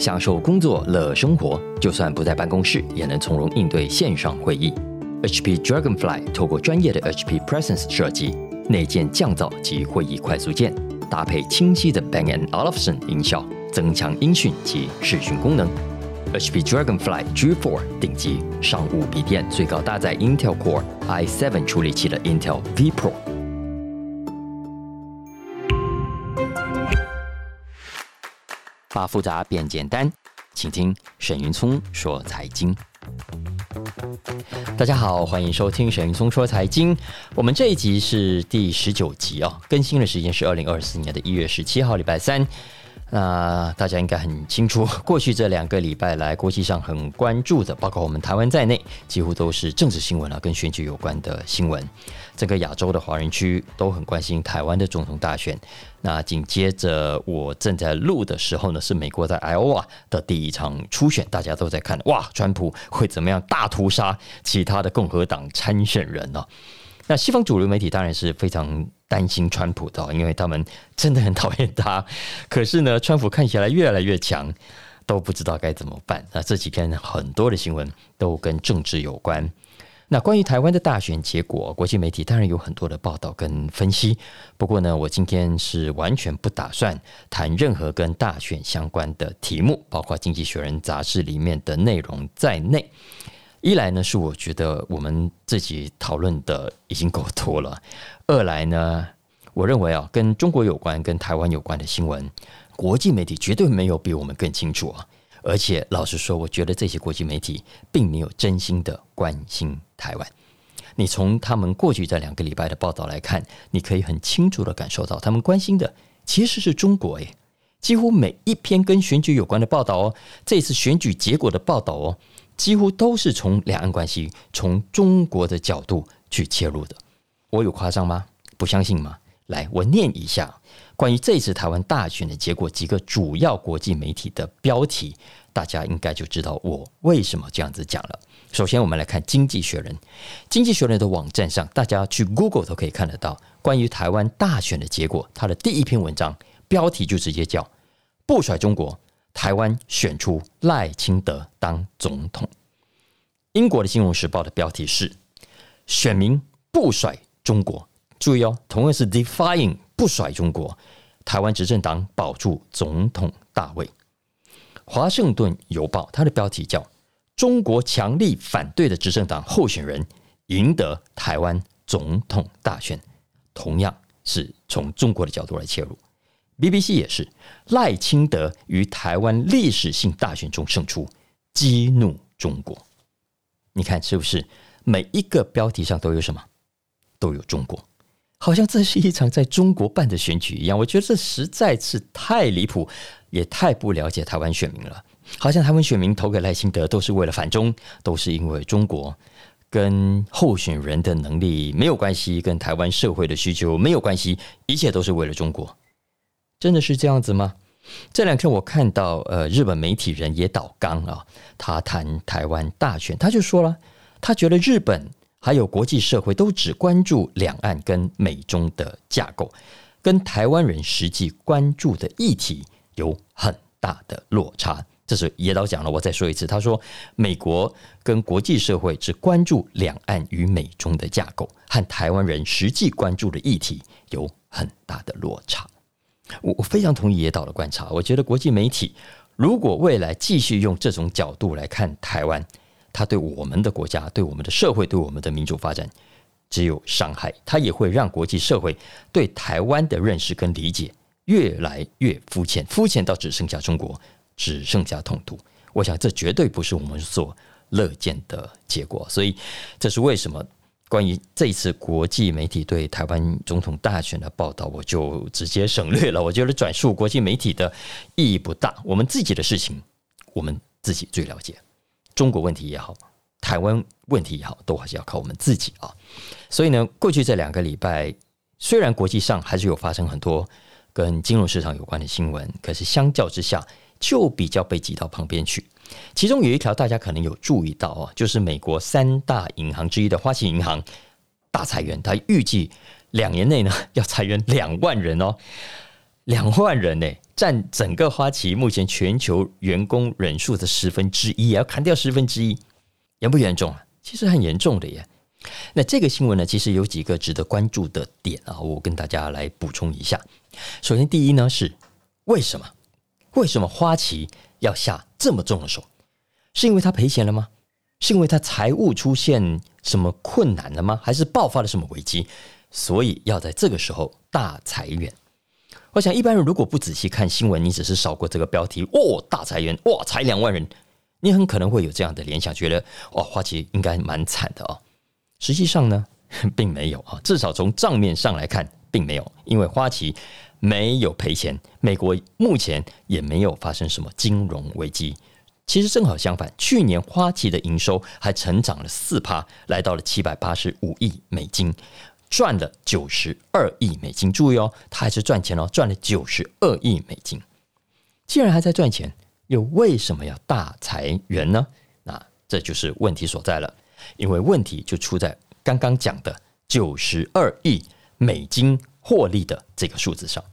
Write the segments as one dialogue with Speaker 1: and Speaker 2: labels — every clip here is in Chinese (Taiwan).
Speaker 1: 享受工作樂生活，就算不在辦公室，也能從容應對線上會議。HP Dragonfly 透過專業的 HP Presence 設計，內建降噪及會議快速鍵，搭配清晰的 Bang & Olufsen 音效，增強音訊及視訊功能。HP Dragonfly G4 頂級商務筆電，最高搭載 Intel Core i7 處理器的 Intel V Pro。把複雜變簡單，請聽沈雲聰說財經。大家好，歡迎收聽沈雲聰說財經。我們這一集是第十九集啊，更新的時間是二零二四年的一月十七號，禮拜三。那大家應該很清楚，過去這兩個禮拜來，國際上很關注的，包括我們台灣在內，幾乎都是政治新聞啊，跟選舉有關的新聞。整個亞洲的華人區都很關心台灣的總統大選。那緊接着我正在錄的時候呢，是美國在 Iowa 的第一場初選，大家都在看哇，川普會怎麼樣大屠殺其他的共和黨參選人呢？啊？那西方主流媒體當然是非常。擔心川普的，因為他們真的很討厭他。可是呢，川普看起來越來越強，都不知道該怎麼辦。那這幾天很多的新聞都跟政治有關。那關於台灣的大選結果，國際媒體當然有很多的報道跟分析。不過呢，我今天是完全不打算談任何跟大選相關的題目，包括《經濟學人》雜誌裡面的內容在內。一來呢，是我覺得我們自己討論的已經夠多了；二來呢，我認為啊，跟中國有關、跟台灣有關的新聞，國際媒體絕對沒有比我們更清楚啊。而且老實說，我覺得這些國際媒體並沒有真心的關心台灣。你從他們過去這兩個禮拜的報道來看，你可以很清楚的感受到，他們關心的其實是中國誒。幾乎每一篇跟選舉有關的報道哦，這次選舉結果的報道哦。幾乎都是從兩岸關係、從中國的角度去切入的。我有誇張嗎？不相信嗎？來，我念一下關於這次台灣大選的結果幾個主要國際媒體的標題，大家應該就知道我為什麼這樣子講了。首先，我們來看《經濟學人》。《經濟學人》的網站上，大家去 Google 都可以看得到關於台灣大選的結果，它的第一篇文章標題就直接叫“不甩中國，台灣選出賴清德當總統”。英國的《金融時報》的標題是“選民不甩中國”，注意哦，同樣是 defying 不甩中國。台灣執政黨保住總統大位。《華盛頓郵報》它的標題叫“中國強力反對的執政黨候選人贏得台灣總統大選”，同樣是從中國的角度來切入。BBC 也是賴清德於台灣歷史性大選中勝出，激怒中國。你看，是不是每一個標題上都有什麼？都有中國，好像這是一場在中國辦的選舉一樣。我覺得這實在是太離譜，也太不了解台灣選民了。好像台灣選民投給賴清德都是為了反中，都是因為中國。跟候選人的能力沒有關係，跟台灣社會的需求沒有關係，一切都是為了中國。真的是這樣子嗎？這兩天我看到，呃，日本媒體人野島剛啊，他談台灣大選，他就說了，他覺得日本還有國際社會都只關注兩岸跟美中的架構，跟台灣人實際關注的議題有很大的落差。這是野島講了，我再說一次，他說美國跟國際社會只關注兩岸與美中的架構，和台灣人實際關注的議題有很大的落差。我我非常同意野島的觀察，我覺得國際媒體如果未來繼續用這種角度來看台灣，它對我們的國家、對我們的社會、對我們的民族發展只有傷害，它也會讓國際社會對台灣的認識跟理解越來越膚淺，膚淺到只剩下中國，只剩下衝突。我想這絕對不是我們所樂見的結果，所以這是為什麼。關於這次國際媒體對台灣總統大選的報道，我就直接省略了。我覺得轉述國際媒體的意義不大，我們自己的事情我們自己最了解。中國問題也好，台灣問題也好，都還是要靠我們自己啊。所以呢，過去這兩個禮拜，雖然國際上還是有發生很多跟金融市場有關的新聞，可是相較之下，就比較被擠到旁邊去。其中有一條大家可能有注意到哦，就是美國三大銀行之一的花旗銀行大裁員，它預計兩年內呢要裁員兩萬人哦，兩萬人呢佔整個花旗目前全球員工人數的十分之一，也要砍掉十分之一，嚴不嚴重啊？其實很嚴重的耶。那這個新聞呢，其實有幾個值得關注的點啊，我跟大家來補充一下。首先，第一呢是為什麼？為什麼花旗要下？這麼重的手，是因為他賠錢了嗎？是因為他財務出現什麼困難了嗎？還是爆發了什麼危機，所以要在這個時候大裁員？我想一般人如果不仔細看新聞，你只是掃過這個標題，哦，大裁員，哇、哦，裁兩萬人，你很可能會有這樣的聯想，覺得哇、哦，花旗應該蠻慘的哦。實際上呢，並沒有啊，至少從賬面上來看，並沒有，因為花旗。沒有賠錢，美國目前也沒有發生什麼金融危機。其實正好相反，去年花旗的營收還成長了四趴，來到了七百八十五億美金，賺了九十二億美金。注意哦，它還是賺錢哦，賺了九十二億美金。既然還在賺錢，又為什麼要大裁員呢？那這就是問題所在了，因為問題就出在剛剛講的九十二億美金，獲利的這個數字上，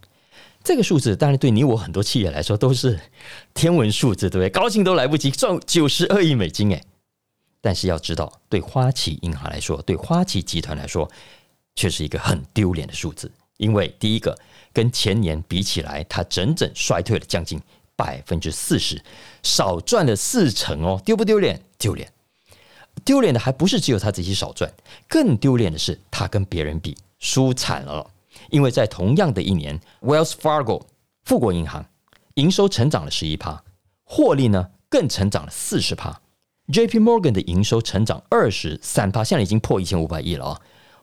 Speaker 1: 這個數字當然對你我很多企業來說都是天文數字，對不對？高興都來不及，賺九十二億美金誒。但是要知道，對花旗銀行來說，對花旗集團來說，卻是一個很丟臉的數字。因為第一個，跟前年比起來，它整整衰退了將近百分之四十，少賺了四成哦，丟不丟臉？丟臉！丟臉的還不是只有他自己少賺，更丟臉的是他跟別人比，輸慘了。因為在同樣的一年，Wells Fargo 富國銀行營收成長了十一趴，獲利呢更成長了四十趴 J P Morgan 的營收成長二十三趴，現在已經破一千五百億了啊，哦，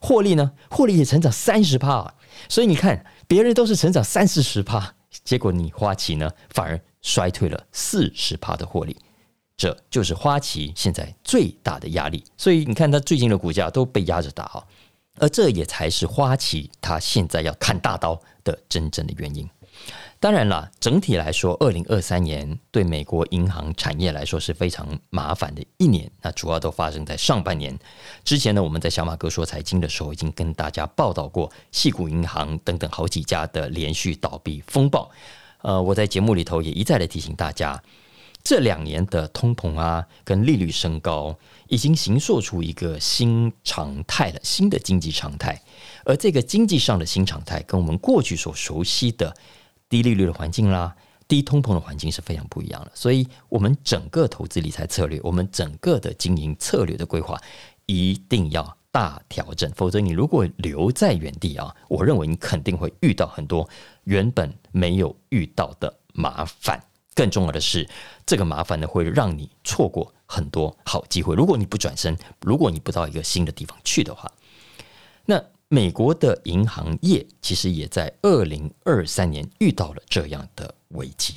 Speaker 1: 獲利呢獲利也成長三十趴啊，所以你看，別人都是成長三四十趴，結果你花旗呢反而衰退了四十趴的獲利，這就是花旗現在最大的壓力。所以你看，它最近的股價都被壓着打啊，哦。而這也才是花旗他現在要砍大刀的真正的原因。當然了，整體來說，二零二三年對美國銀行產業來說是非常麻煩的一年。那主要都發生在上半年。之前呢，我們在小馬哥說財經的時候已經跟大家報道過，矽谷銀行等等好幾家的連續倒閉風暴。呃，我在節目裡頭也一再的提醒大家。這兩年的通膨啊，跟利率升高，已經形塑出一個新常態了，新的經濟常態。而這個經濟上的新常態，跟我們過去所熟悉的低利率的環境啦、啊、低通膨的環境是非常不一樣的。所以，我們整個投資理財策略，我們整個的經營策略的規劃，一定要大調整。否則，你如果留在原地啊，我認為你肯定會遇到很多原本沒有遇到的麻煩。更重要的是，這個麻煩呢，會讓你錯過很多好機會。如果你不轉身，如果你不到一個新的地方去的話，那美國的銀行業其實也在二零二三年遇到了這樣的危機。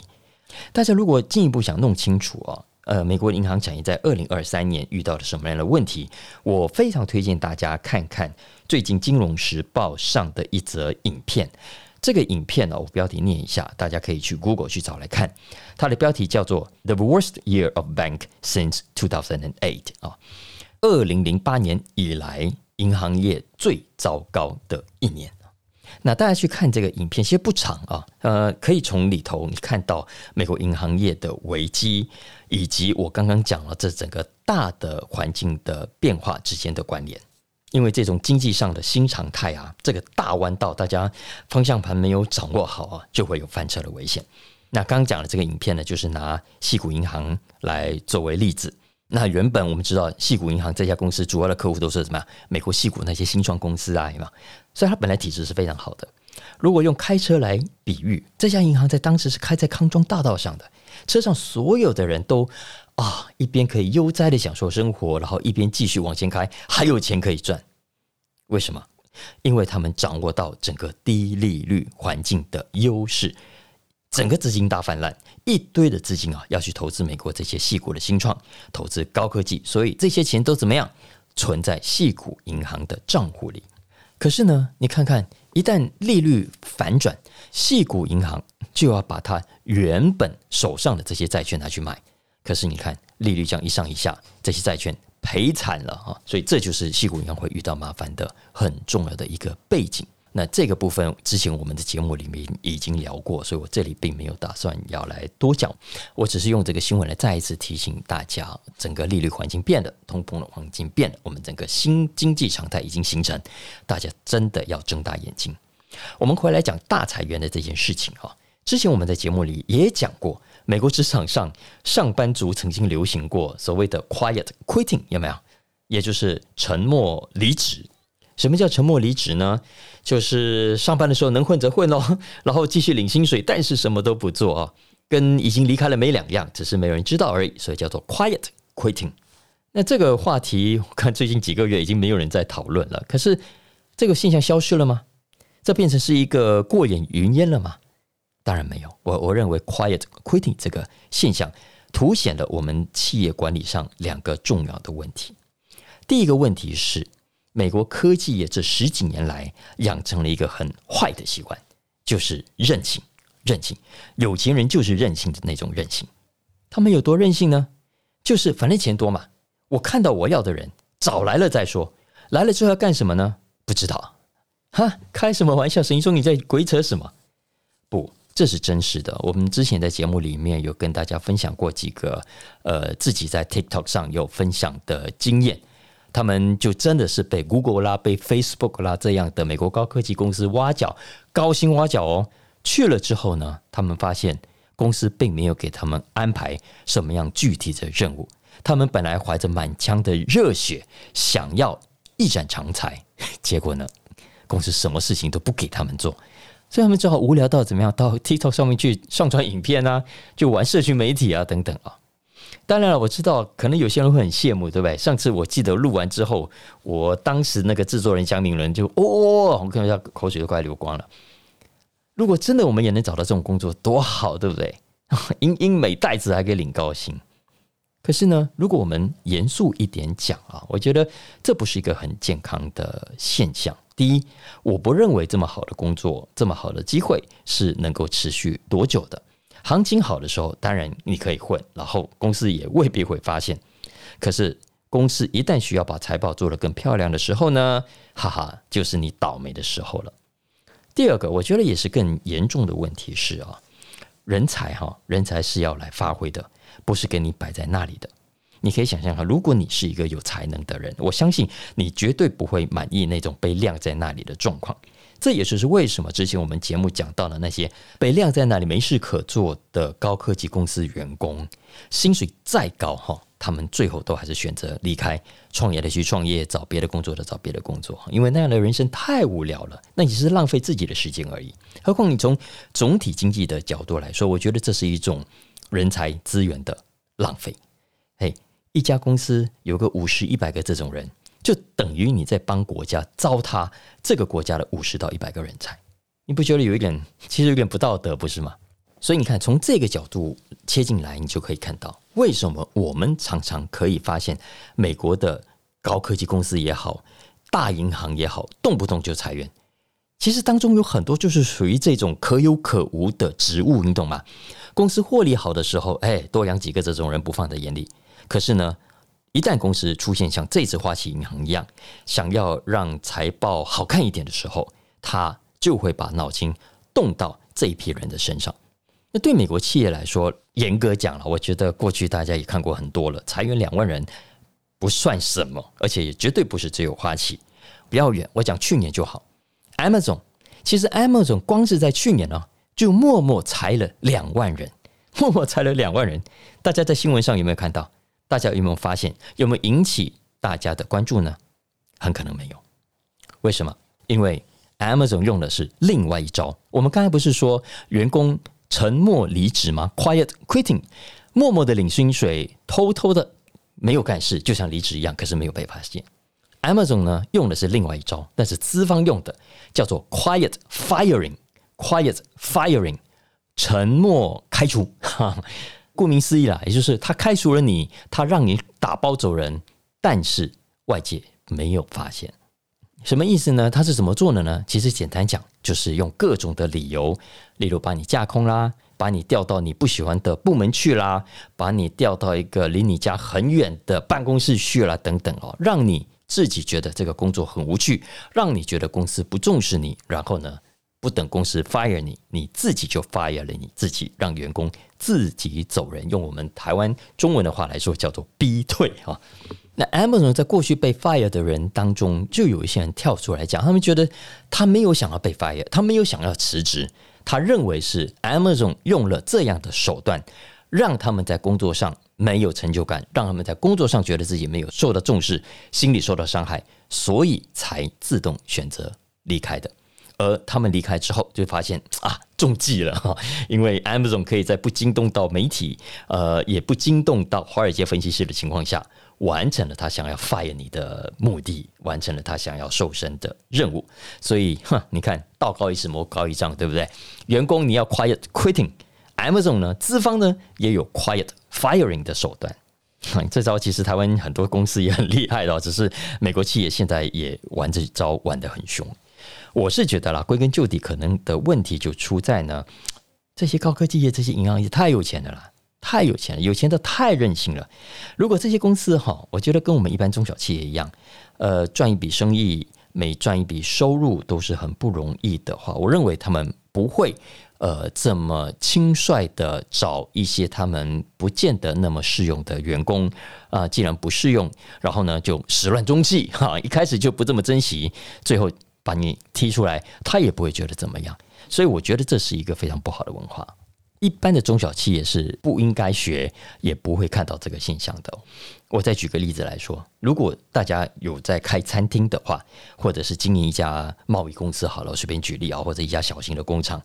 Speaker 1: 大家如果進一步想弄清楚啊、哦，呃，美國銀行產業在二零二三年遇到了什麼樣的問題，我非常推薦大家看看最近《金融時報》上的一則影片。這個影片呢，我標題念一下，大家可以去 Google 去找來看。它的標題叫做 "The Worst Year of Bank Since 2008" 啊，二零零八年以來銀行業最糟糕的一年。那大家去看這個影片，其實不長啊，呃，可以從裡頭你看到美國銀行業的危機，以及我剛剛講了這整個大的環境的變化之間的關聯。因為這種經濟上的新常態啊，這個大彎道，大家方向盤沒有掌握好啊，就會有翻車的危險。那剛講的這個影片呢，就是拿矽谷銀行來作為例子。那原本我們知道，矽谷銀行這家公司主要的客戶都是什麼？美國矽谷那些新創公司啊，對嗎？所以它本來體質是非常好的。如果用開車來比喻，這家銀行在當時是開在康莊大道上的，車上所有的人都啊，一邊可以悠哉的享受生活，然後一邊繼續往前開，還有錢可以賺。為什麼？因為他們掌握到整個低利率環境的優勢，整個資金大泛濫，一堆的資金啊要去投資美國這些矽谷的新創，投資高科技，所以這些錢都怎麼樣？存在矽谷銀行的賬戶裡。可是呢，你看看，一旦利率反轉，矽谷銀行就要把它原本手上的這些債券拿去賣。可是你看，利率降一上一下，這些債券賠慘了啊！所以這就是矽谷銀行會遇到麻煩的很重要的一個背景。那這個部分之前我們的節目裡面已經聊過，所以我這裡並沒有打算要來多講，我只是用這個新聞來再一次提醒大家：整個利率環境變了，通膨的環境變了，我們整個新經濟常態已經形成，大家真的要睜大眼睛。我們回來講大裁員的這件事情哈，之前我們在節目裡也講過。美國職場上，上班族曾經流行過所謂的 “quiet quitting”，有沒有？也就是沉默離職。什麼叫沉默離職呢？就是上班的時候能混則混咯，然後繼續領薪水，但是什麼都不做啊，跟已經離開了沒兩樣，只是沒有人知道而已，所以叫做 “quiet quitting”。那這個話題，我看最近幾個月已經沒有人在討論了。可是，這個現象消失了嗎？這變成是一個過眼雲煙了嗎？當然沒有，我我認為 quiet quitting 這個現象凸顯了我們企業管理上兩個重要的問題。第一個問題是，美國科技業這十幾年來養成了一個很壞的習慣，就是任性，任性。有錢人就是任性的那種任性。他們有多任性呢？就是反正錢多嘛，我看到我要的人早來了再說，來了之後要幹什麼呢？不知道。哈，開什麼玩笑？沈說，你在鬼扯什麼？不。這是真實的。我們之前在節目裡面有跟大家分享過幾個，呃，自己在 TikTok 上有分享的經驗。他們就真的是被 Google 啦，被 Facebook 啦這樣的美國高科技公司挖角，高薪挖角哦。去了之後呢，他們發現公司並沒有給他們安排什麼樣具體的任務。他們本來懷着滿腔的熱血，想要一展長才，結果呢，公司什麼事情都不給他們做。所以他們只好無聊到怎麼樣，到 TikTok 上面去上傳影片啊，就玩社群媒體啊等等啊。當然了，我知道可能有些人會很羨慕，對不對？上次我記得錄完之後，我當時那個製作人江明倫就哦，哦，哦，我看到他口水都快流光了。如果真的我們也能找到這種工作，多好，對不對？閒閒美代子還可以領高薪。可是呢，如果我們嚴肅一點講啊，我覺得這不是一個很健康的現象。第一，我不認為這麼好的工作，這麼好的機會是能夠持續多久的。行情好的時候，當然你可以混，然後公司也未必會發現。可是公司一旦需要把財報做得更漂亮的時候呢，哈哈，就是你倒霉的時候了。第二個，我覺得也是更嚴重的問題是啊，人才哈，人才是要來發揮的，不是給你擺在那裡的。你可以想象哈，如果你是一個有才能的人，我相信你絕對不會滿意那種被晾在那裡的狀況。這也就是為什麼之前我們節目講到的那些被晾在那裡沒事可做的高科技公司員工，薪水再高哈，他們最後都還是選擇離開，創業的去創業，找別的工作的找別的工作，因為那樣的人生太無聊了，那只是浪費自己的時間而已。何況你從總體經濟的角度來說，我覺得這是一種人才資源的浪費。一家公司有個五十一百個這種人，就等於你在幫國家糟蹋這個國家的五十到一百個人才。你不覺得有一點其實有點不道德，不是嗎？所以你看，從這個角度切進來，你就可以看到為什麼我們常常可以發現，美國的高科技公司也好，大銀行也好，動不動就裁員。其實當中有很多就是屬於這種可有可無的職務，你懂嗎？公司獲利好的時候，哎，多養幾個這種人不放在眼裡。可是呢，一旦公司出現像這次花旗銀行一樣，想要讓財報好看一點的時候，他就會把腦筋動到這一批人的身上。那對美國企業來說，嚴格講了，我覺得過去大家也看過很多了，裁員兩萬人不算什麼，而且也絕對不是只有花旗。不要遠，我講去年就好，Amazon 其實 Amazon 光是在去年呢、哦，就默默裁了兩萬人，默默裁了兩萬人。大家在新聞上有沒有看到？大家有沒有發現，有沒有引起大家的關注呢？很可能沒有。為什麼？因為 Amazon 用的是另外一招。我們剛才不是說員工沉默離職嗎？Quiet quitting，默默的領薪水，偷偷的沒有幹事，就像離職一樣，可是沒有被發現。Amazon 呢，用的是另外一招，但是資方用的，叫做 Quiet firing，Quiet firing，沉默開除。 顧名思義啦，也就是他開除了你，他讓你打包走人，但是外界沒有發現。什麼意思呢？他是怎麼做的呢？其實簡單講，就是用各種的理由，例如把你架空啦，把你調到你不喜歡的部門去啦，把你調到一個離你家很遠的辦公室去啦，等等哦，讓你自己覺得這個工作很無趣，讓你覺得公司不重視你，然後呢，不等公司 fire 你，你自己就 fire 了你自己，讓員工自己走人，用我們台灣中文的話來說，叫做逼退哈，那 Amazon 在過去被 fire 的人當中，就有一些人跳出來講，他們覺得他沒有想要被 fire，他沒有想要辭職，他認為是 Amazon 用了這樣的手段，讓他們在工作上沒有成就感，讓他們在工作上覺得自己沒有受到重視，心理受到傷害，所以才自動選擇離開的。而他們離開之後，就發現啊中計了哈，因為 Amazon 可以在不驚動到媒體，呃，也不驚動到華爾街分析師的情況下，完成了他想要 fire 你的目的，完成了他想要瘦身的任務。所以哈，你看，道高一尺，魔高一丈，對不對？員工你要 quiet quitting，Amazon 呢，資方呢也有 quiet firing 的手段。這招其實台灣很多公司也很厲害的，只是美國企業現在也玩這招玩得很凶。我是覺得啦，歸根究底，可能的問題就出在呢，這些高科技業、這些銀行業太有錢了啦，太有錢了，有錢的太任性了。如果這些公司哈，我覺得跟我們一般中小企業一樣，呃，賺一筆生意，每賺一筆收入都是很不容易的話，我認為他們不會呃這麼輕率的找一些他們不見得那麼適用的員工。啊、呃，既然不適用，然後呢，就始亂終棄哈，一開始就不這麼珍惜，最後。把你踢出來，他也不會覺得怎麼樣。所以我覺得這是一個非常不好的文化。一般的中小企業是不應該學，也不會看到這個現象的。我再舉個例子來說，如果大家有在開餐廳的話，或者是經營一家貿易公司，好了，隨便舉例啊，或者一家小型的工廠，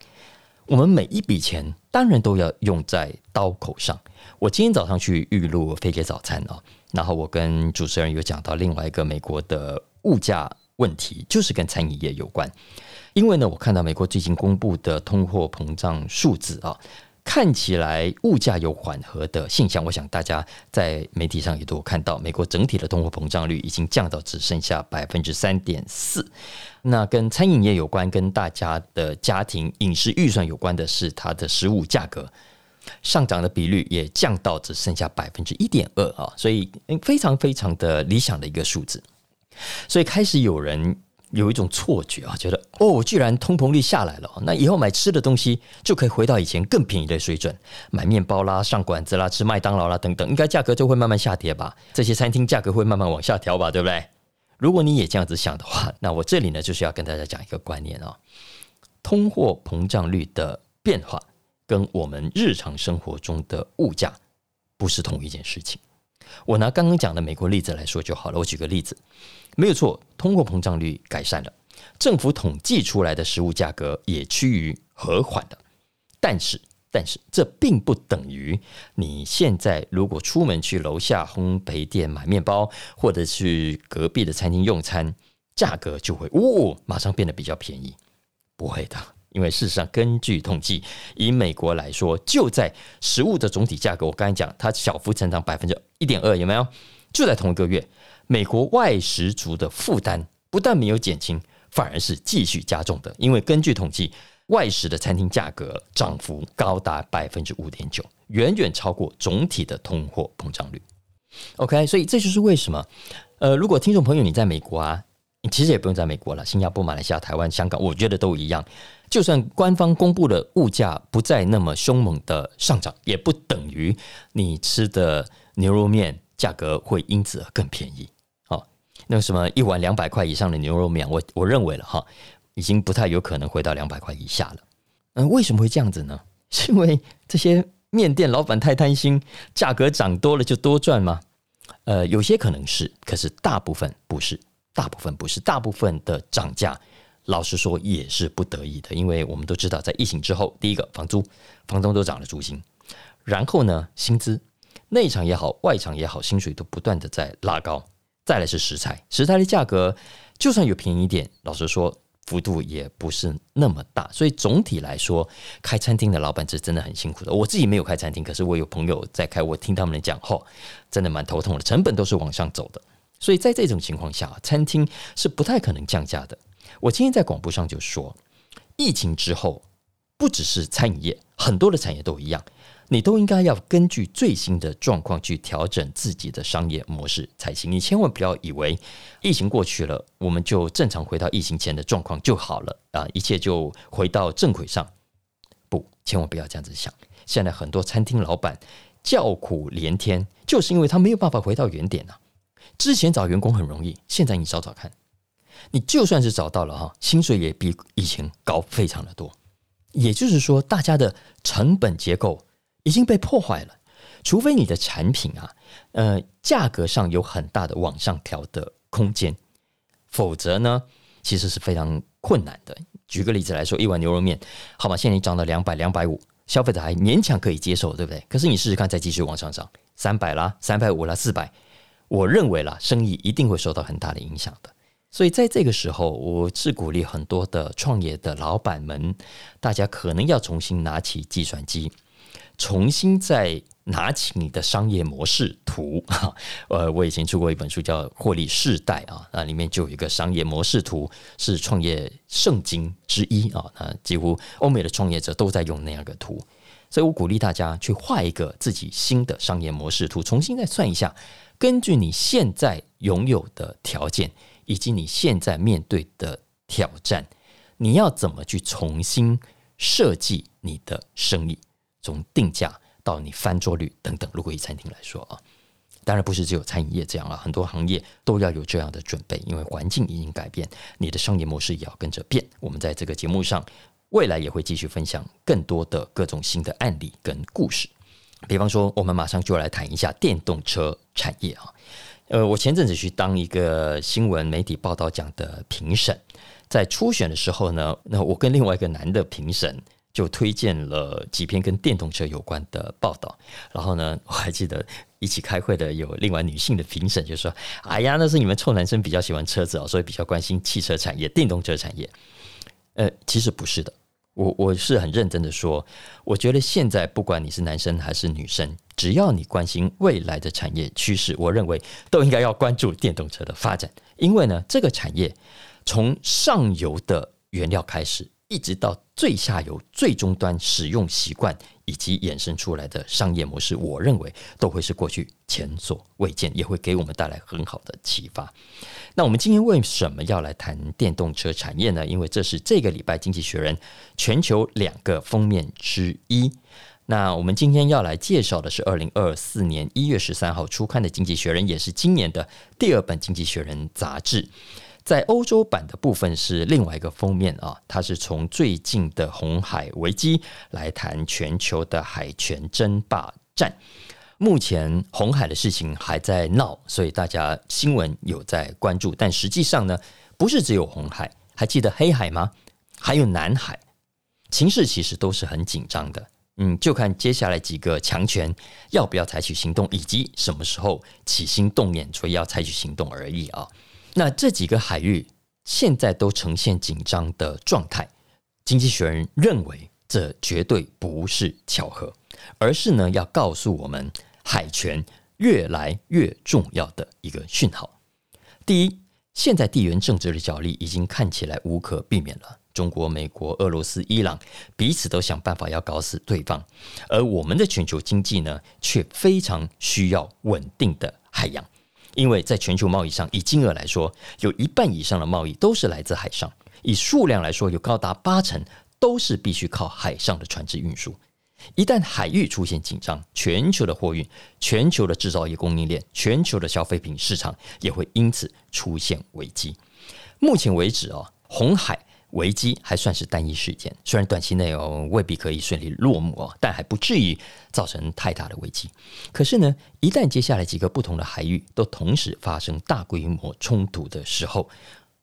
Speaker 1: 我們每一筆錢當然都要用在刀口上。我今天早上去預錄飛碟早餐哦。然後我跟主持人有講到另外一個美國的物價。問題就是跟餐飲業有關，因為呢，我看到美國最近公布的通貨膨脹數字啊，看起來物價有緩和的現象。我想大家在媒體上也都看到，美國整體的通貨膨脹率已經降到只剩下百分之三點四。那跟餐飲業有關，跟大家的家庭飲食預算有關的是，它的食物價格上漲的比率也降到只剩下百分之一點二啊，所以非常非常的理想的一個數字。所以開始有人有一種錯覺啊，覺得哦，既然通膨率下來了，那以後買吃的東西就可以回到以前更便宜的水準，買麵包啦、上館子啦、吃麥當勞啦等等，應該價格就會慢慢下跌吧？這些餐廳價格會慢慢往下調吧？對不對？如果你也這樣子想的話，那我這裡呢就是要跟大家講一個觀念啊、哦，通貨膨脹率的變化跟我們日常生活中的物價不是同一件事情。我拿剛剛講的美國例子來說就好了。我舉個例子，沒有錯，通貨膨脹率改善了，政府統計出來的食物價格也趨於和緩的。但是，但是這並不等於你現在如果出門去樓下烘焙店買麵包，或者去隔壁的餐廳用餐，價格就會嗚、哦、馬上變得比較便宜，不會的。因為事實上，根據統計，以美國來說，就在食物的總體價格，我剛才講它小幅成長百分之一點二，有沒有？就在同一個月，美國外食族的負擔不但沒有減輕，反而是繼續加重的。因為根據統計，外食的餐廳價格漲幅高達百分之五點九，遠遠超過總體的通貨膨脹率。OK，所以這就是為什麼，呃，如果聽眾朋友你在美國啊。其實也不用在美國了，新加坡、馬來西亞、台灣、香港，我覺得都一樣。就算官方公布的物價不再那麼凶猛的上漲，也不等於你吃的牛肉面價格會因此而更便宜。好，那個什麼一碗兩百塊以上的牛肉麵，我我認為了哈，已經不太有可能回到兩百塊以下了。嗯，為什麼會這樣子呢？是因為這些麵店老板太貪心，價格漲多了就多賺嗎？呃，有些可能是，可是大部分不是。大部分不是，大部分的漲價，老實說也是不得已的，因為我們都知道，在疫情之後，第一個房租，房東都漲了租金，然後呢，薪資，內場也好，外場也好，薪水都不斷的在拉高。再來是食材，食材的價格就算有便宜一點，老實說，幅度也不是那麼大，所以總體來說，開餐廳的老闆是真的很辛苦的。我自己沒有開餐廳，可是我有朋友在開，我聽他們講，哈，哦，真的蠻頭痛的，成本都是往上走的。所以在這種情況下，餐廳是不太可能降價的。我今天在廣播上就說，疫情之後，不只是餐飲業，很多的產業都一樣，你都應該要根據最新的狀況去調整自己的商業模式才行。你千萬不要以為疫情過去了，我們就正常回到疫情前的狀況就好了啊，一切就回到正軌上。不，千萬不要這樣子想。現在很多餐廳老闆叫苦連天，就是因為他沒有辦法回到原點啊。之前找員工很容易，現在你找找看，你就算是找到了哈，薪水也比以前高非常的多。也就是說，大家的成本結構已經被破壞了，除非你的產品啊，呃，價格上有很大的往上調的空間，否則呢，其實是非常困難的。舉個例子來說，一碗牛肉麵，好吧，現在你漲到兩百、兩百五，消費者還勉強可以接受，對不對？可是你試試看，再繼續往上漲，三百啦，三百五啦，四百。我認為啦，生意一定會受到很大的影響的。所以在這個時候，我是鼓勵很多的創業的老闆們，大家可能要重新拿起計算機，重新再拿起你的商業模式圖。呃、啊，我以前出過一本書叫《獲利世代》啊，那裡面就有一個商業模式圖，是創業聖經之一啊。那幾乎歐美的創業者都在用那樣的圖。所以我鼓勵大家去畫一個自己新的商業模式圖，重新再算一下。根據你現在擁有的條件，以及你現在面對的挑戰，你要怎麼去重新設計你的生意？從定價到你翻桌率等等。如果以餐廳來說啊，當然不是只有餐飲業這樣啊，很多行業都要有這樣的準備，因為環境已經改變，你的商業模式也要跟着變。我們在這個節目上。未來也會繼續分享更多的各種新的案例跟故事，比方說，我們馬上就來談一下電動車產業啊。呃，我前一陣子去當一個新聞媒體報道獎的評審，在初選的時候呢，那我跟另外一個男的評審就推薦了幾篇跟電動車有關的報道，然後呢，我還記得一起開會的有另外女性的評審就說：“哎呀，那是你們臭男生比較喜歡車子哦，所以比較關心汽車產業、電動車產業。”呃，其實不是的。我我是很認真的說，我覺得現在不管你是男生還是女生，只要你關心未來的產業趨勢，我認為都應該要關注電動車的發展。因為呢，這個產業從上游的原料開始，一直到最下游、最終端使用習慣。以及衍生出來的商業模式，我認為都會是過去前所未見，也會給我們帶來很好的啟發。那我們今天為什麼要來談電動車產業呢？因為這是這個禮拜《經濟學人》全球兩個封面之一。那我們今天要來介紹的是二零二四年一月十三號出刊的《經濟學人》，也是今年的第二本《經濟學人》雜誌。在歐洲版的部分是另外一個封面啊，它是從最近的紅海危機來談全球的海權爭霸戰。目前紅海的事情還在鬧，所以大家新聞有在關注。但實際上呢，不是只有紅海，還記得黑海嗎？還有南海，情勢其實都是很緊張的。嗯，就看接下來幾個強權要不要採取行動，以及什麼時候起心動念，所以要採取行動而已啊。那這幾個海域現在都呈現緊張的狀態，經濟學人認為這絕對不是巧合，而是呢要告訴我們海權越來越重要的一個訊號。第一，現在地緣政治的角力已經看起來無可避免了，中國、美國、俄羅斯、伊朗彼此都想辦法要搞死對方，而我們的全球經濟呢，卻非常需要穩定的海洋。因為在全球貿易上，以金額來說，有一半以上的貿易都是來自海上；以數量來說，有高達八成都是必須靠海上的船隻運輸。一旦海域出現緊張，全球的貨運、全球的製造業供應鏈、全球的消費品市場也會因此出現危機。目前為止啊，紅海危機還算是單一事件，雖然短期內哦未必可以順利落幕哦，但還不至於造成太大的危機。可是呢，一旦接下來幾個不同的海域都同時發生大規模衝突的時候，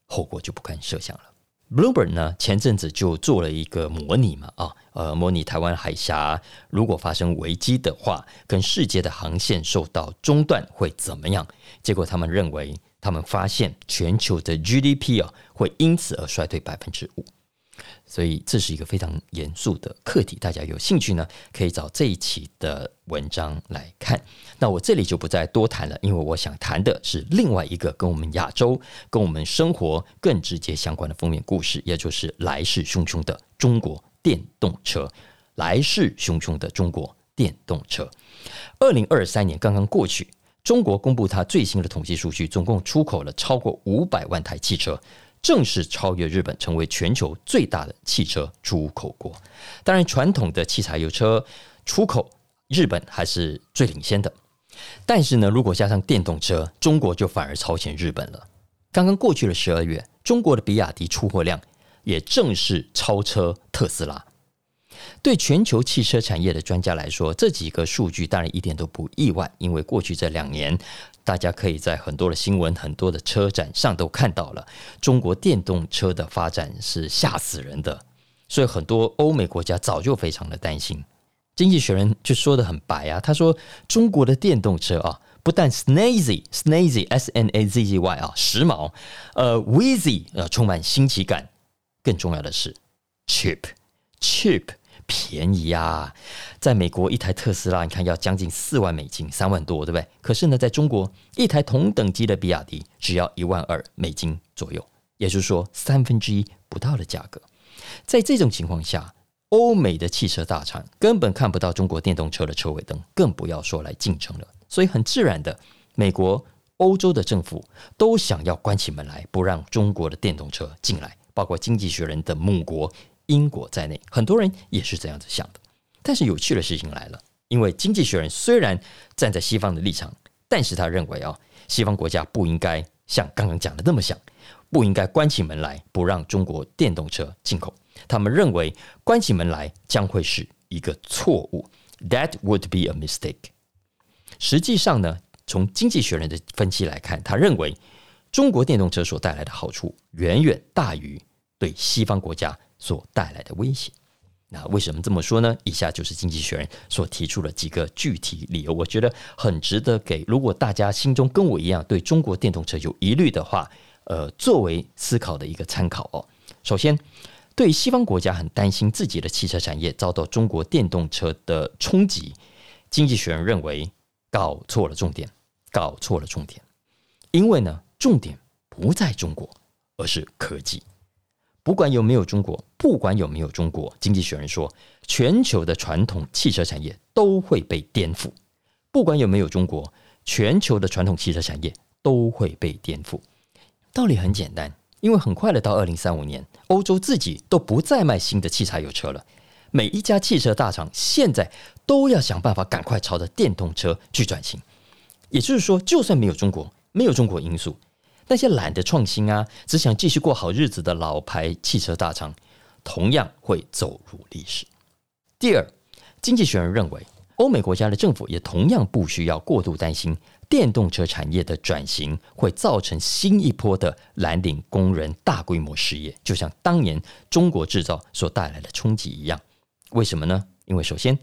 Speaker 1: 後果就不堪設想了。Bloomberg 呢，前陣子就做了一個模擬嘛，啊，呃，模擬台灣海峽如果發生危機的話，跟世界的航線受到中斷會怎麼樣？結果，他們認為，他們發現全球的 GDP 啊會因此而衰退百分之五，所以這是一個非常嚴肅的課題。大家有興趣呢，可以找這一期的文章來看。那我這裡就不再多談了，因為我想談的是另外一個跟我們亞洲、跟我們生活更直接相關的封面故事，也就是來勢洶洶的中國電動車。來勢洶洶的中國電動車。二零二三年剛剛過去。中國公布它最新的統計數據，總共出口了超過五百萬台汽車，正式超越日本，成為全球最大的汽車出口國。當然，傳統的汽柴油車出口日本還是最領先的。但是呢，如果加上電動車，中國就反而超前日本了。剛剛過去的十二月，中國的比亞迪出貨量也正式超車特斯拉。對全球汽車產業的專家來說，這幾個數據當然一點都不意外，因為過去這兩年，大家可以在很多的新聞、很多的車展上都看到了中國電動車的發展是嚇死人的，所以很多歐美國家早就非常的擔心。《經濟學人》就說得很白啊，他說中國的電動車啊，不但 snazzy, snazzy, s n a z y s n a z y s n a z z y 啊，時髦，呃，whizzy 呃，充滿新奇感，更重要的是 cheap、cheap。便宜啊！在美國，一台特斯拉你看要將近四萬美金，三萬多，對不對？可是呢，在中國，一台同等級的比亞迪只要一萬二美金左右，也就是說三分之一不到的價格。在這種情況下，歐美的汽車大廠根本看不到中國電動車的車尾燈，更不要說來競爭了。所以，很自然的，美國、歐洲的政府都想要關起門來，不讓中國的電動車進來，包括《經濟學人》的母國。英國在內，很多人也是這樣子想的。但是有趣的事情來了，因為《經濟學人》雖然站在西方的立場，但是他認為啊、哦，西方國家不應該像剛剛講的那麼想，不應該關起門來不讓中國電動車進口。他們認為關起門來將會是一個錯誤，That would be a mistake。實際上呢，從《經濟學人》的分析來看，他認為中國電動車所帶來的好處遠遠大於對西方國家所帶來的威脅，那為什麼這麼說呢？以下就是經濟學人所提出的幾個具體理由，我覺得很值得給，如果大家心中跟我一樣對中國電動車有疑慮的話，呃，作為思考的一個參考哦。首先，對西方國家很擔心自己的汽車產業遭到中國電動車的衝擊，經濟學人認為搞錯了重點，搞錯了重點，因為呢，重點不在中國，而是科技。不管有沒有中國，不管有沒有中國，經濟學人說，全球的傳統汽車產業都會被顛覆。不管有沒有中國，全球的傳統汽車產業都會被顛覆。道理很簡單，因為很快的到二零三五年，歐洲自己都不再賣新的汽柴油車了。每一家汽車大廠現在都要想辦法趕快朝着電動車去轉型。也就是說，就算沒有中國，沒有中國因素。那些懶得創新啊，只想繼續過好日子的老牌汽車大廠，同樣會走入歷史。第二，經濟學人認為，歐美國家的政府也同樣不需要過度擔心電動車產業的轉型會造成新一波的藍領工人大規模失業，就像當年中國制造所帶來的衝擊一樣。為什麼？呢因為首先，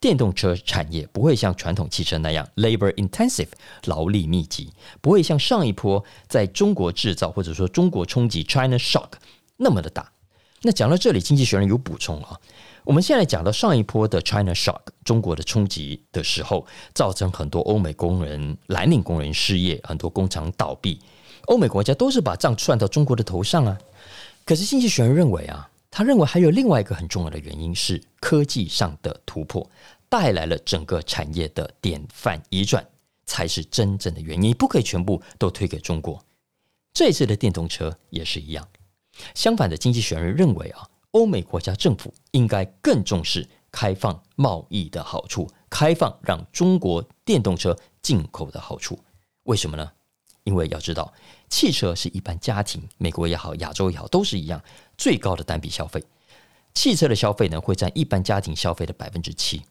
Speaker 1: 電動車產業不會像傳統汽車那樣 labor intensive 勞力密集，不會像上一波在中國製造或者說中國衝擊 China Shock 那麼的大。那講到這裡，經濟學人有補充啊。我們現在講到上一波的 China Shock 中國的衝擊的時候，造成很多歐美工人、藍領工人失業，很多工廠倒閉，歐美國家都是把賬算到中國的頭上啊。可是經濟學人認為啊。他認為還有另外一個很重要的原因是科技上的突破帶來了整個產業的典範移轉，才是真正的原因，不可以全部都推給中國。這一次的電動車也是一樣。相反的，經濟學人認為啊，歐美國家政府應該更重視開放貿易的好處，開放讓中國電動車進口的好處。為什麼呢？因為要知道，汽車是一般家庭，美國也好，亞洲也好，都是一樣。最高的單筆消費，汽車的消費呢，會占一般家庭消費的百分之七。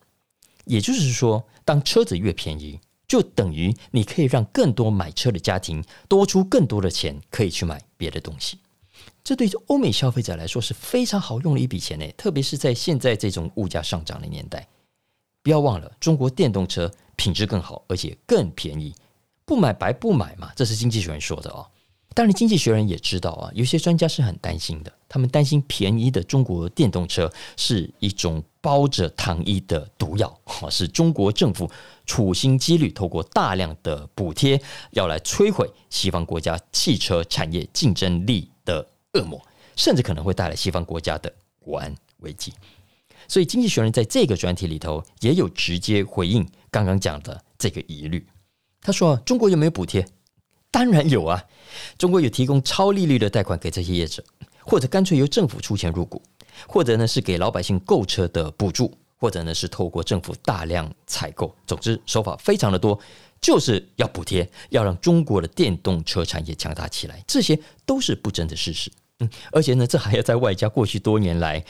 Speaker 1: 也就是說，當車子越便宜，就等於你可以讓更多買車的家庭多出更多的錢，可以去買別的東西。這對於歐美消費者來說是非常好用的一筆錢呢。特別是在現在這種物價上漲的年代，不要忘了，中國電動車品質更好，而且更便宜，不買白不買嘛。這是經濟學人說的哦。當然，經濟學人也知道啊，有些專家是很擔心的。他們擔心便宜的中國電動車是一種包着糖衣的毒藥，是中國政府處心積慮透過大量的補貼要來摧毀西方國家汽車產業競爭力的惡魔，甚至可能會帶來西方國家的國安危機。所以，經濟學人在這個專題裡頭也有直接回應剛剛講的這個疑慮。他說啊：“中國有沒有補貼？”當然有啊，中國有提供超利率的貸款給這些業者，或者乾脆由政府出錢入股，或者呢是給老百姓購車的補助，或者呢是透過政府大量採購，總之手法非常的多，就是要補貼，要讓中國的電動車產業強大起來，這些都是不爭的事實。嗯，而且呢，這還要再外加過去多年來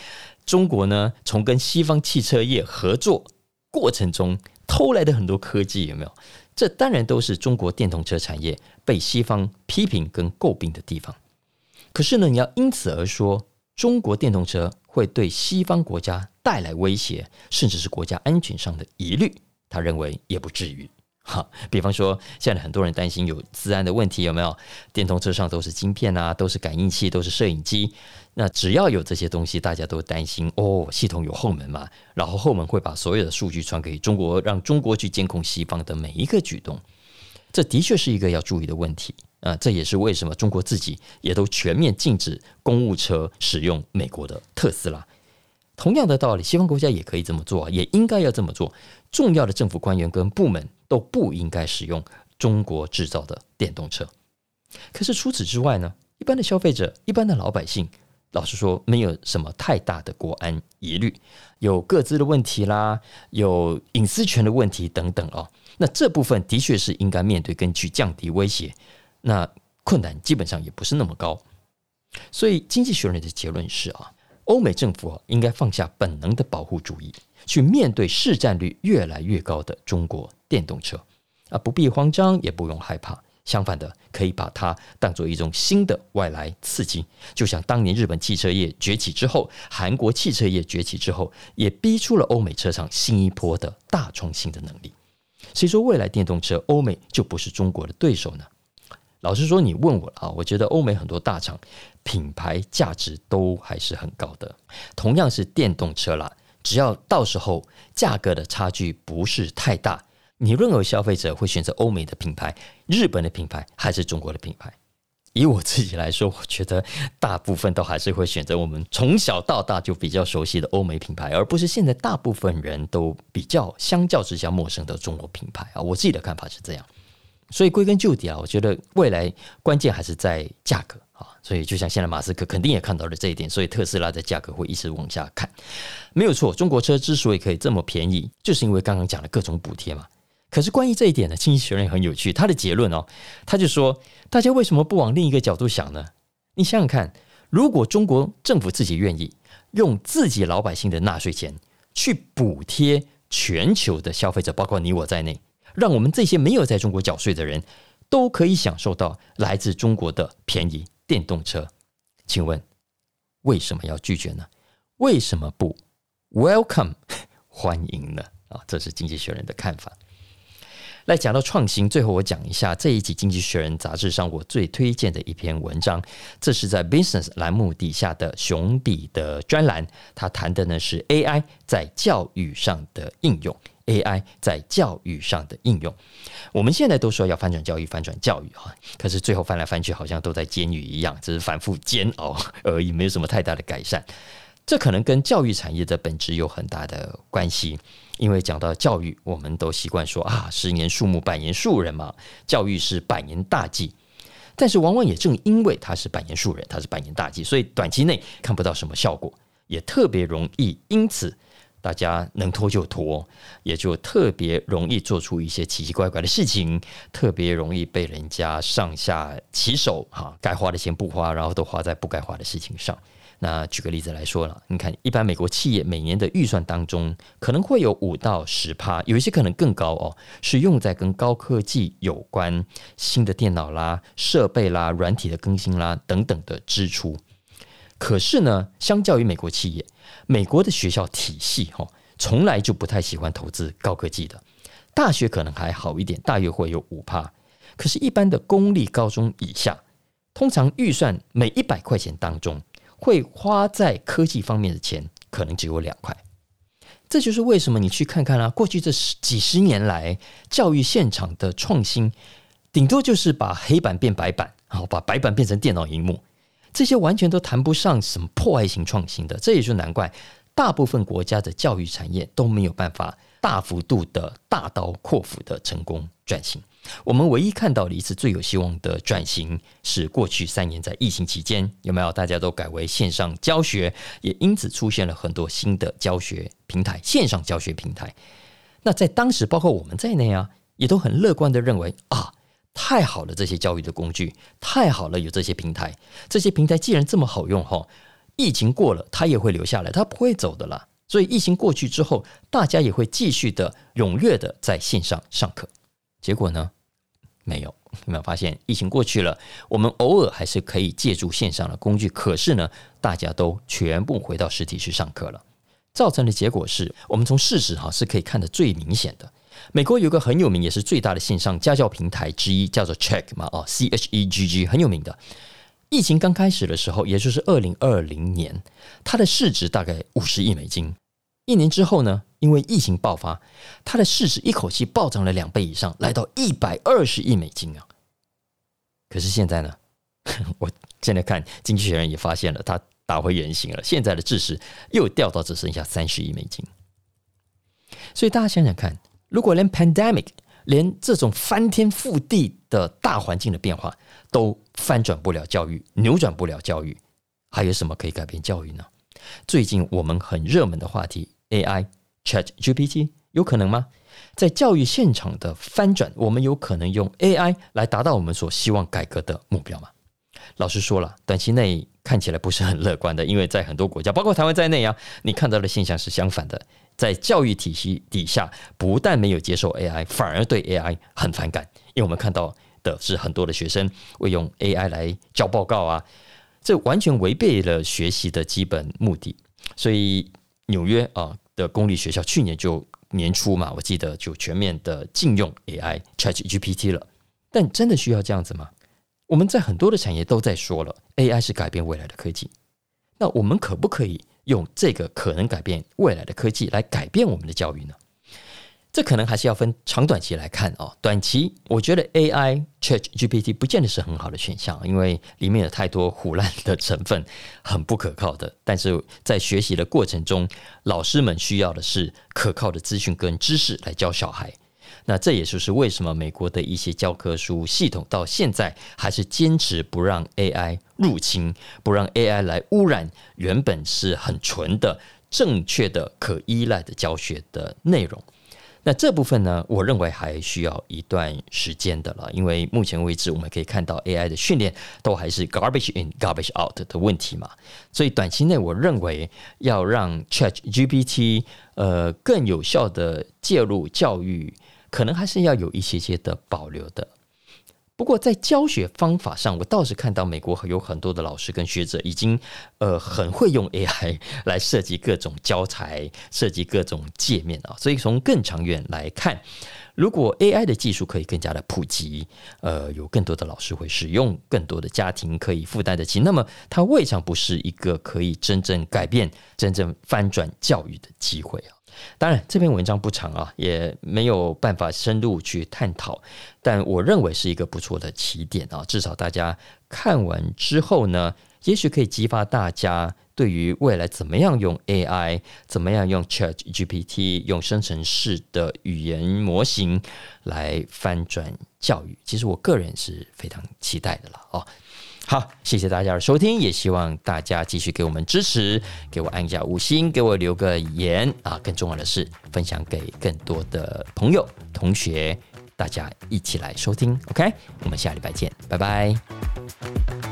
Speaker 1: 中國呢從跟西方汽車業合作過程中偷來的很多科技，有沒有？這當然都是中國電動車產業被西方批評跟詬病的地方。可是呢，你要因此而說中國電動車會對西方國家帶來威脅，甚至是國家安全上的疑慮，他認為也不至於。好，比方說，現在很多人擔心有資安的問題，有沒有？電動車上都是晶片啊，都是感應器，都是攝影機。那只要有這些東西，大家都擔心哦，系統有後門嘛？然後後門會把所有的數據傳給中國，讓中國去監控西方的每一個舉動。這的確是一個要注意的問題。啊、呃。這也是為什麼中國自己也都全面禁止公務車使用美國的特斯拉。同樣的道理，西方國家也可以這麼做，也應該要這麼做。重要的政府官員跟部門。都不應該使用中國制造的電動車。可是除此之外呢？一般的消費者、一般的老百姓，老實說，沒有什麼太大的國安疑慮，有個資的問題啦，有隱私權的問題等等啊、哦。那這部分的確是應該面對，跟去降低威脅，那困難基本上也不是那麼高。所以經濟學人的結論是啊、哦，歐美政府應該放下本能的保護主義，去面對市占率越來越高的中國。電動車啊，不必慌張，也不用害怕。相反的，可以把它當做一種新的外來刺激。就像當年日本汽車業崛起之後，韓國汽車業崛起之後，也逼出了歐美車廠新一波的大創新的能力。誰說未來電動車歐美就不是中國的對手呢？老實說，你問我啊，我覺得歐美很多大廠品牌價值都還是很高的。同樣是電動車啦，只要到時候價格的差距不是太大，你認為消費者會選擇歐美的品牌，日本的品牌還是中國的品牌？以我自己來說，我覺得大部分都還是會選擇我們從小到大就比較熟悉的歐美品牌，而不是現在大部分人都比較相較之下陌生的中國品牌啊！我自己的看法是這樣。所以歸根究底啊，我覺得未來關鍵還是在價格啊。所以就像現在馬斯克肯定也看到了這一點，所以特斯拉的價格會一直往下看。沒有錯，中國車之所以可以這麼便宜，就是因為剛剛講的各種補貼嘛。可是，關於這一點呢，經濟學人很有趣。他的結論哦，他就說：大家為什麼不往另一個角度想呢？你想想看，如果中國政府自己願意用自己老百姓的納稅錢去補貼全球的消費者，包括你我在內，讓我們這些沒有在中國繳稅的人都可以享受到來自中國的便宜電動車，請問為什麼要拒絕呢？為什麼不 welcome 歡迎呢？啊，這是經濟學人的看法。來講到創新，最後我講一下這一集《經濟學人》雜誌上我最推薦的一篇文章，這是在 Business 欄目底下的熊彼的專欄，他談的呢是 AI 在教育上的應用，AI 在教育上的應用。我們現在都說要翻轉教育，翻轉教育哈。可是最後翻來翻去好像都在監獄一樣，只是反復煎熬而已，沒有什麼太大的改善。這可能跟教育產業的本質有很大的關係。因為講到教育，我們都習慣說啊，十年樹木，百年樹人嘛，教育是百年大計。但是，往往也正因為它是百年樹人，它是百年大計，所以短期內看不到什麼效果，也特別容易。因此，大家能拖就拖，也就特別容易做出一些奇奇怪怪的事情，特別容易被人家上下其手。哈、啊，該花的錢不花，然後都花在不該花的事情上。那舉個例子來說了，你看，一般美國企業每年的預算當中，可能會有五到十趴，有一些可能更高哦，是用在跟高科技有關、新的電腦啦、設備啦、軟體的更新啦等等的支出。可是呢，相較於美國企業，美國的學校體系哈、哦，從來就不太喜歡投資高科技的。大學可能還好一點，大約會有五趴。可是，一般的公立高中以下，通常預算每一百塊錢當中。會花在科技方面的錢可能只有兩塊，這就是為什麼你去看看啊，過去這十幾十年來，教育現場的創新，頂多就是把黑板變白板，然後把白板變成電腦熒幕這些完全都談不上什麼破壞性創新的。這也就難怪大部分國家的教育產業都沒有辦法。大幅度的大刀闊斧的成功轉型，我們唯一看到的一次最有希望的轉型是過去三年在疫情期間，有沒有？大家都改為線上教學，也因此出現了很多新的教學平台，線上教學平台。那在當時，包括我們在內啊，也都很樂觀地認為啊，太好了，這些教育的工具太好了，有這些平台，這些平台既然這麼好用吼，疫情過了，它也會留下來，它不會走的啦。所以疫情過去之後，大家也會繼續的踴躍的在線上上課，結果呢，沒有，有沒有發現？疫情過去了，我們偶爾還是可以借助線上的工具，可是呢，大家都全部回到實體去上課了，造成的結果是我們從事實哈是可以看得最明顯的。美國有個很有名也是最大的線上家教平台之一，叫做 Chegg 嘛，啊，C H E G G 很有名的。疫情剛開始的時候，也就是二零二零年，它的市值大概五十億美金。一年之後呢，因為疫情爆發，它的市值一口氣暴漲了兩倍以上，來到一百二十億美金啊。可是現在呢，我現在看經濟學人也發現了，它打回原形了，現在的市值又掉到只剩下三十億美金。所以大家想想看，如果連 pandemic 連這種翻天覆地的大環境的變化都翻轉不了教育，扭轉不了教育，還有什麼可以改變教育呢？最近我們很熱門的話題，AI ChatGPT，有可能嗎？在教育現場的翻轉，我們有可能用 AI 來達到我們所希望改革的目標嗎？老實說了，短期內。看起來不是很樂觀的，因為在很多國家，包括台灣在內啊，你看到的現象是相反的。在教育體系底下，不但沒有接受 AI，反而對 AI 很反感。因為我們看到的是很多的學生會用 AI 來交報告啊，這完全違背了學習的基本目的。所以紐約啊的公立學校去年就年初嘛，我記得就全面的禁用 AI ChatGPT 了。但真的需要這樣子嗎？我們在很多的產業都在說了。AI 是改變未來的科技，那我們可不可以用這個可能改變未來的科技來改變我們的教育呢？這可能還是要分長短期來看哦。短期，我覺得 AI、ChatGPT 不見得是很好的選項，因為裡面有太多唬爛的成分，很不可靠的。但是在學習的過程中，老師們需要的是可靠的資訊跟知識來教小孩。那這也就是為什麼美國的一些教科書系統到現在還是堅持不讓 AI 入侵，不讓 AI 來污染原本是很純的、正確的、可依賴的教學的內容。那這部分呢，我認為還需要一段時間的了，因為目前為止我們可以看到 AI 的訓練都還是 garbage in, garbage out 的問題嘛。所以短期內，我認為要讓 ChatGPT 呃更有效地介入教育。可能還是要有一些些的保留的。不過在教學方法上，我倒是看到美國有很多的老師跟學者已經呃很會用 AI 來設計各種教材，設計各種界面啊。所以從更長遠來看，如果 AI 的技術可以更加的普及，呃，有更多的老師會使用，更多的家庭可以負擔得起，那麼它未嘗不是一個可以真正改變、真正翻轉教育的機會啊。當然，這篇文章不長啊，也沒有辦法深入去探討，但我認為是一個不錯的起點啊。至少大家看完之後呢，也許可以激發大家對於未來怎麼樣用 AI、怎麼樣用 ChatGPT、用生成式的語言模型來翻轉教育。其實我個人是非常期待的了啊。好，謝謝大家的收聽，也希望大家繼續給我們支持，給我按一下五星，給我留個言啊。更重要的是，分享給更多的朋友、同學，大家一起來收聽。OK，我們下禮拜見，拜拜。